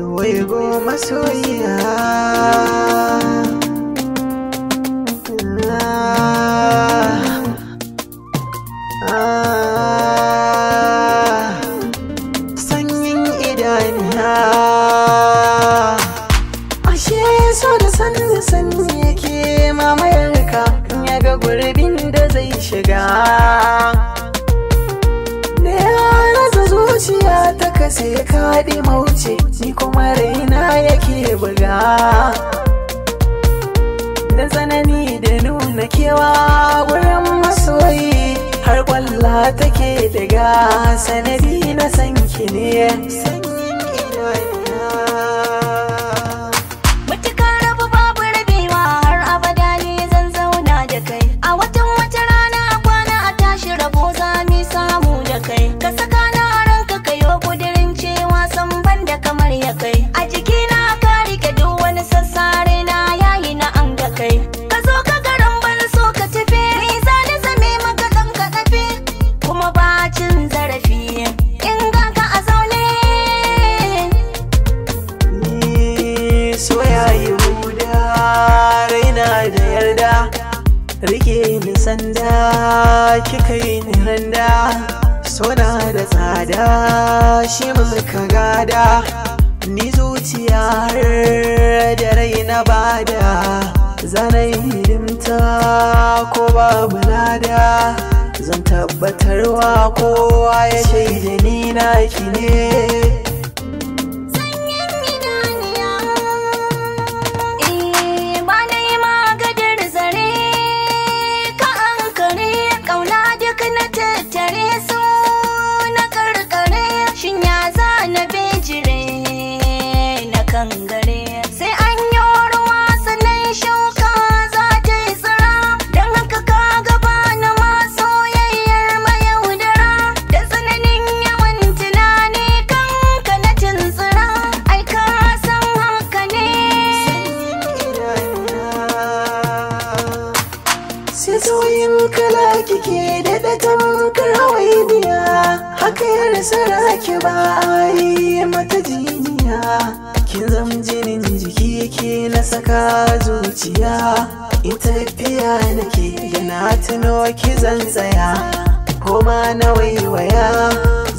zuwai goma ah. ah. sanyin idaniya ashe so da sanyi sanyi yake mamayar ka ya gurbin da zai shiga zuciya ta kase kaɗi mauce ni kuma raina yake buga da tsanani da nuna kewa wurin masoyi har kwalla take daga sanadi na sanki ne sanyin na. rike ni sanda kika yi ni randa sona da tsada shi muka gada ni zuciya da rai na bada zanayin hidimta ko babu lada zan tabbatarwa kowa ya shaida ni naki ne gangare sai an yi ruwa sannan shuka za ta yi tsira don haka ka gaba na masu yayyar mayaudara da tsananin yawan tunani kanka na cin tsira ai ka san haka ne sitoyin kala kike daɗa tamkar hawainiya haka yarsa rake ba a yi mata jiniya kin zam jinin jiki ki na saka zuciya in tafiya nake yana tuno ki zan tsaya koma na waiwaya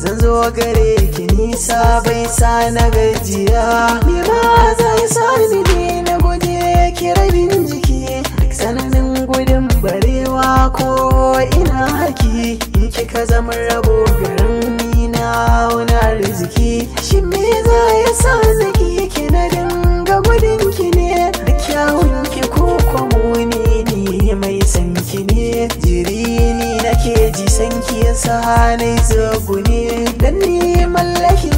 zan zo gare ki nisa bai sa na gajiya Ni ba zai sa ni na guje ki rabin jiki sananin gudun barewa ko ina haki in kika zama rawa nake ji sanki ya sa ne dan ni mallaki